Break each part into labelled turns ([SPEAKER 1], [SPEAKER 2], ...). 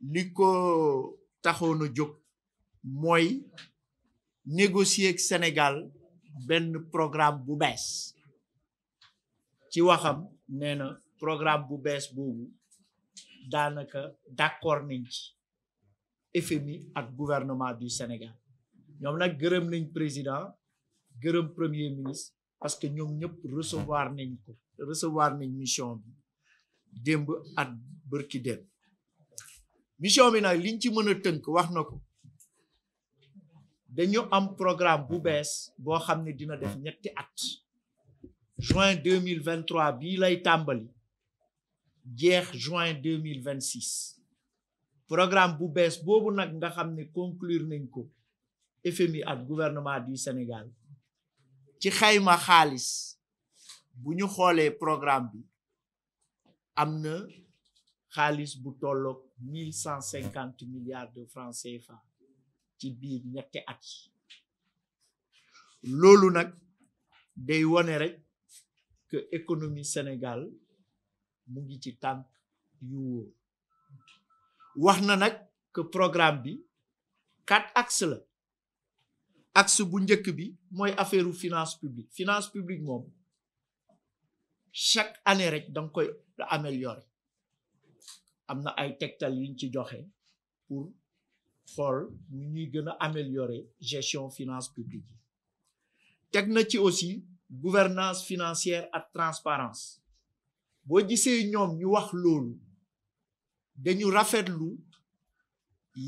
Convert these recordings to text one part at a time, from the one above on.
[SPEAKER 1] niko taxono jog moy négocier ak Sénégal ben programme bu bess ci waxam néna programme bu bess bobu danaka d'accord nañ ci FMI ak gouvernement du Sénégal ñom nak gërëm nañ président gërëm premier ministre parce que ñom ñëpp recevoir nañ ko recevoir nañ mission bi at barki mission bi nag liñ ci mën a tënk wax na ko dañu am programme bu bees boo xam ne dina def ñetti at juin 2023 bii lay tàmbali jeex juin 2026 programme bu bees boobu nag nga xam ne conclure nañ ko FMI ak gouvernement du Sénégal ci xayma xaalis bu ñu xoolee programme bi am na xaalis bu tolloog mille cent cinquante milliards de francs CFA ci biir ñetti at loolu nag day wone rek que économie Sénégal mu ngi ci tànk yu wax na nag que programme bi quatre axes la axe bu njëkk bi mooy affaire finance publique finance publique moom chaque année rek danga koy améliorer am na ay tegtal yuñ ci joxe pour xool ñu ñuy gën a améliorer gestion finance publique yi teg na ci aussi gouvernance financière ak transparence boo gisee ñoom ñu wax loolu dañu rafetlu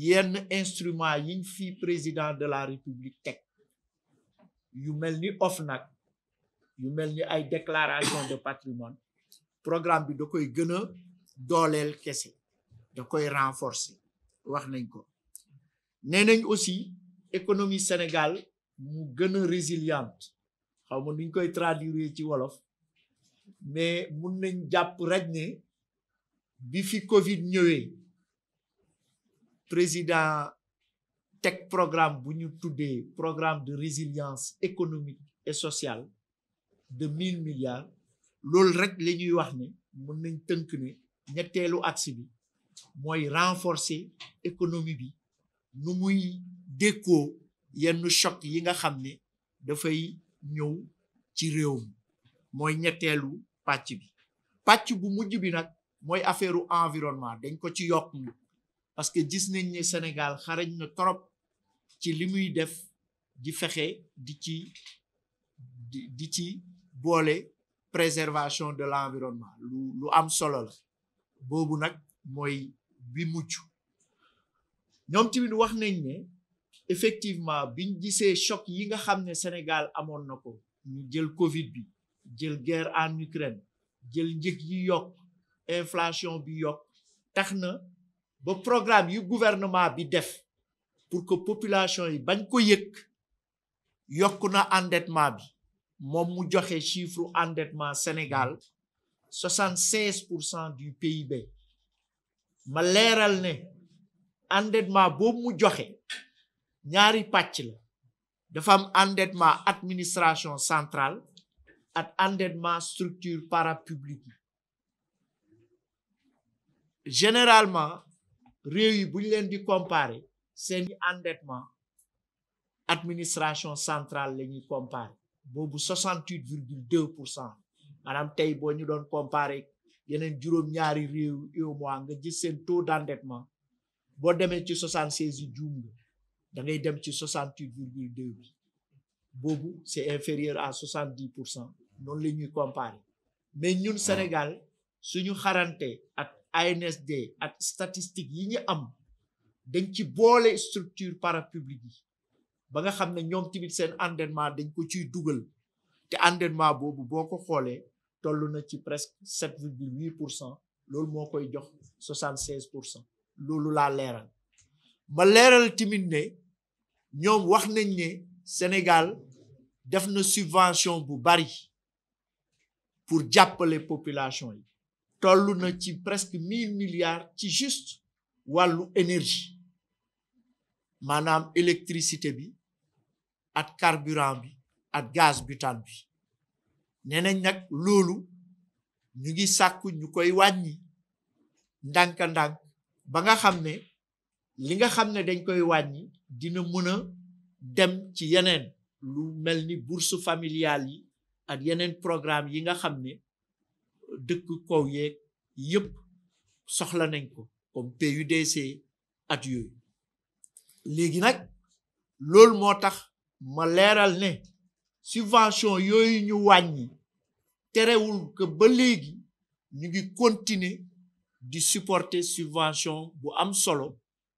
[SPEAKER 1] yenn instrument yiñ fi président de la république teg yu mel ni OFNAC yu mel ni ay déclaration de patrimoine programme bi da koy dooleel kese da koy renforcer wax nañ ko nee nañ aussi économie Sénégal mu gën a résiliente xaw ma nuñ koy traduire ci wolof mais mun nañ jàpp rek ne bi fi Covid ñëwee président teg programme bu ñu tuddee programme de résilience économique et sociale de mille milliards loolu rek la ñuy wax ne mën nañ tënk ñetteelu axe bi renforcer économie bi muy déco, choc yi nga ci bi bu mujj bi environnement parce que gis Sénégal xarañ trop ci def di di ci préservation de l'environnement lu am solo boobu nag mooy bi mucc ñoom tamit wax nañ ne effectivement biñ gisee choc yi nga xam ne Sénégal amoon na ko ñu jël Covid bi jël guerre en Ukraine jël njëg yi yokk inflation bi yokk tax na ba programme yi gouvernement bi def pour que population yi bañ ko yëg yokk na endettement bi moom mu joxe chiffre endettement Sénégal 76 pour cent du PIB ma leeral ne endettement boobu mu joxe ñaari pàcc la dafa am endettement administration centrale ak endettement structure parapublique généralement réew yi bu ñu leen di comparer seen endettement administration centrale la ñuy comparer boobu 68 virgule 2 pour cent maanaam tey boo ñu doon comparer yeneen juróom-ñaari réew UEMOA nga gis seen taux d'endettement boo demee ci soixante seize yi juum nga da ngay dem ci soixante huit virgule deux bi boobu c'est inférieur à soixante dix pour cent noonu la ñuy comparer mais ñun ah. Sénégal suñu xarante ak ANSD ak statistique yi ñu am dañ ci boole structure parapublique yi ba nga xam ne ñoom tamit seen endettement dañ ko ciy dugal Te andenman bobu, boko kole, tolou nan ki 7,8%, lol mwen 76%, lolou la leran. Ma leran timin ne, nyon wak nen nye, Senegal, def nou subvansyon bou bari, pour djappe le yi. 1000 milliards. ki juste walou enerji. Manam elektrisite bi, at carburant bi, ak gaz butane bi nee nañ nag loolu ñu ngi sàkku ñu koy wàññi ndànk-ndànk ba nga xam ne li nga xam ne dañ koy wàññi dina mën a dem ci yeneen lu mel ni bourse familiale yi ak yeneen programme yi nga xam ne dëkk kaw yeeg yëpp soxla nañ ko comme PUDC at yooyu léegi nag loolu moo tax ma leeral ne subvention yooyu ñu wàññi terewul que ba léegi ñu ngi continuer di supporter subvention bu am solo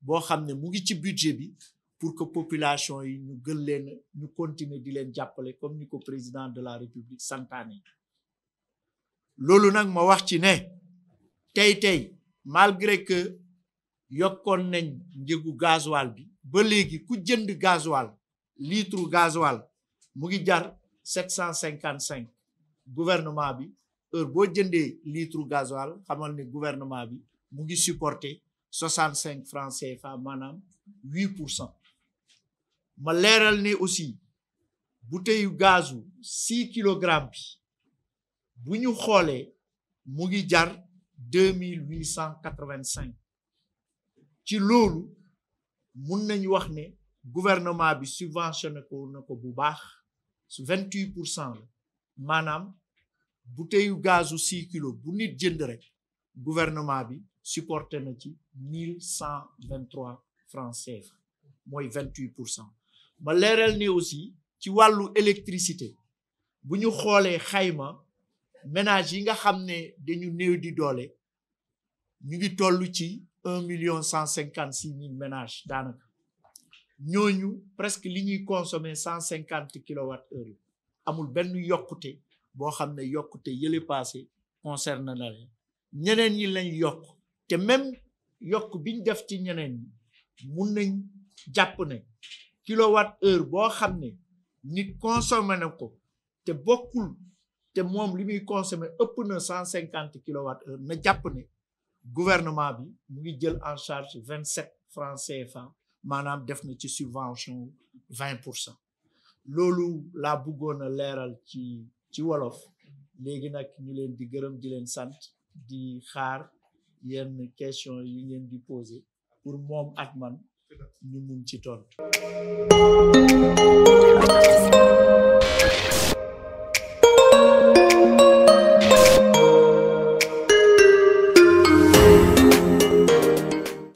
[SPEAKER 1] boo xam ne mu ngi ci budget bi pour que population yi ñu gën leen ñu continuer di leen jàppale comme ni ko président de la république santaane loolu nag ma wax ci ne tey tey malgré que yokkoon nañ njëgu gasoil bi ba léegi ku jënd gasoil litre gasoil 755 gouvernement bi heure bo jëndé litre gasoil xamal ni gouvernement bi mu ngi supporter 65 francs CFA manam 8% ma léral aussi bouteille gazou 6 kg bi buñu xolé mu jar 2885 ci lolu mën nañ wax né gouvernement bi subventionné ko nako bu baax vingt huit pour cent la maanaam bouteille gazu six kilo bu nit jënd rek gouvernement bi supporté na ci mille cent vingt trois francs CFA mooy vingt huit pour cent ma leeral ni aussi ci wàllu électricité bu ñu xoolee xayma ménage yi nga xam ne dañu né di doole ñu ngi toll ci un million cent cinquante six mille ménages daanaka ñooñu presque li ñuy consommer cent cinquante kilowatt heure la amul benn yokkute boo xam ne yokkute yële passé concerne na ñeneen ñi lañ yokk te même yokk biñ def ci ñeneen ñi mun nañ jàpp ne kilowatt heure boo xam ne ni consommer na ko te bokkul te moom li muy consommer ëpp na cent cinquante kilowatt heure na jàpp ne gouvernement bi mu ngi jël en charge vingt sept francs CFA manam def na ci subvention 20% lolu la loolu laa ci ci wolof léegi nak ñu leen di gërëm di leen sant di xaar yenn question yi ngeen di poser pour mom ak man ñu mun ci tontu.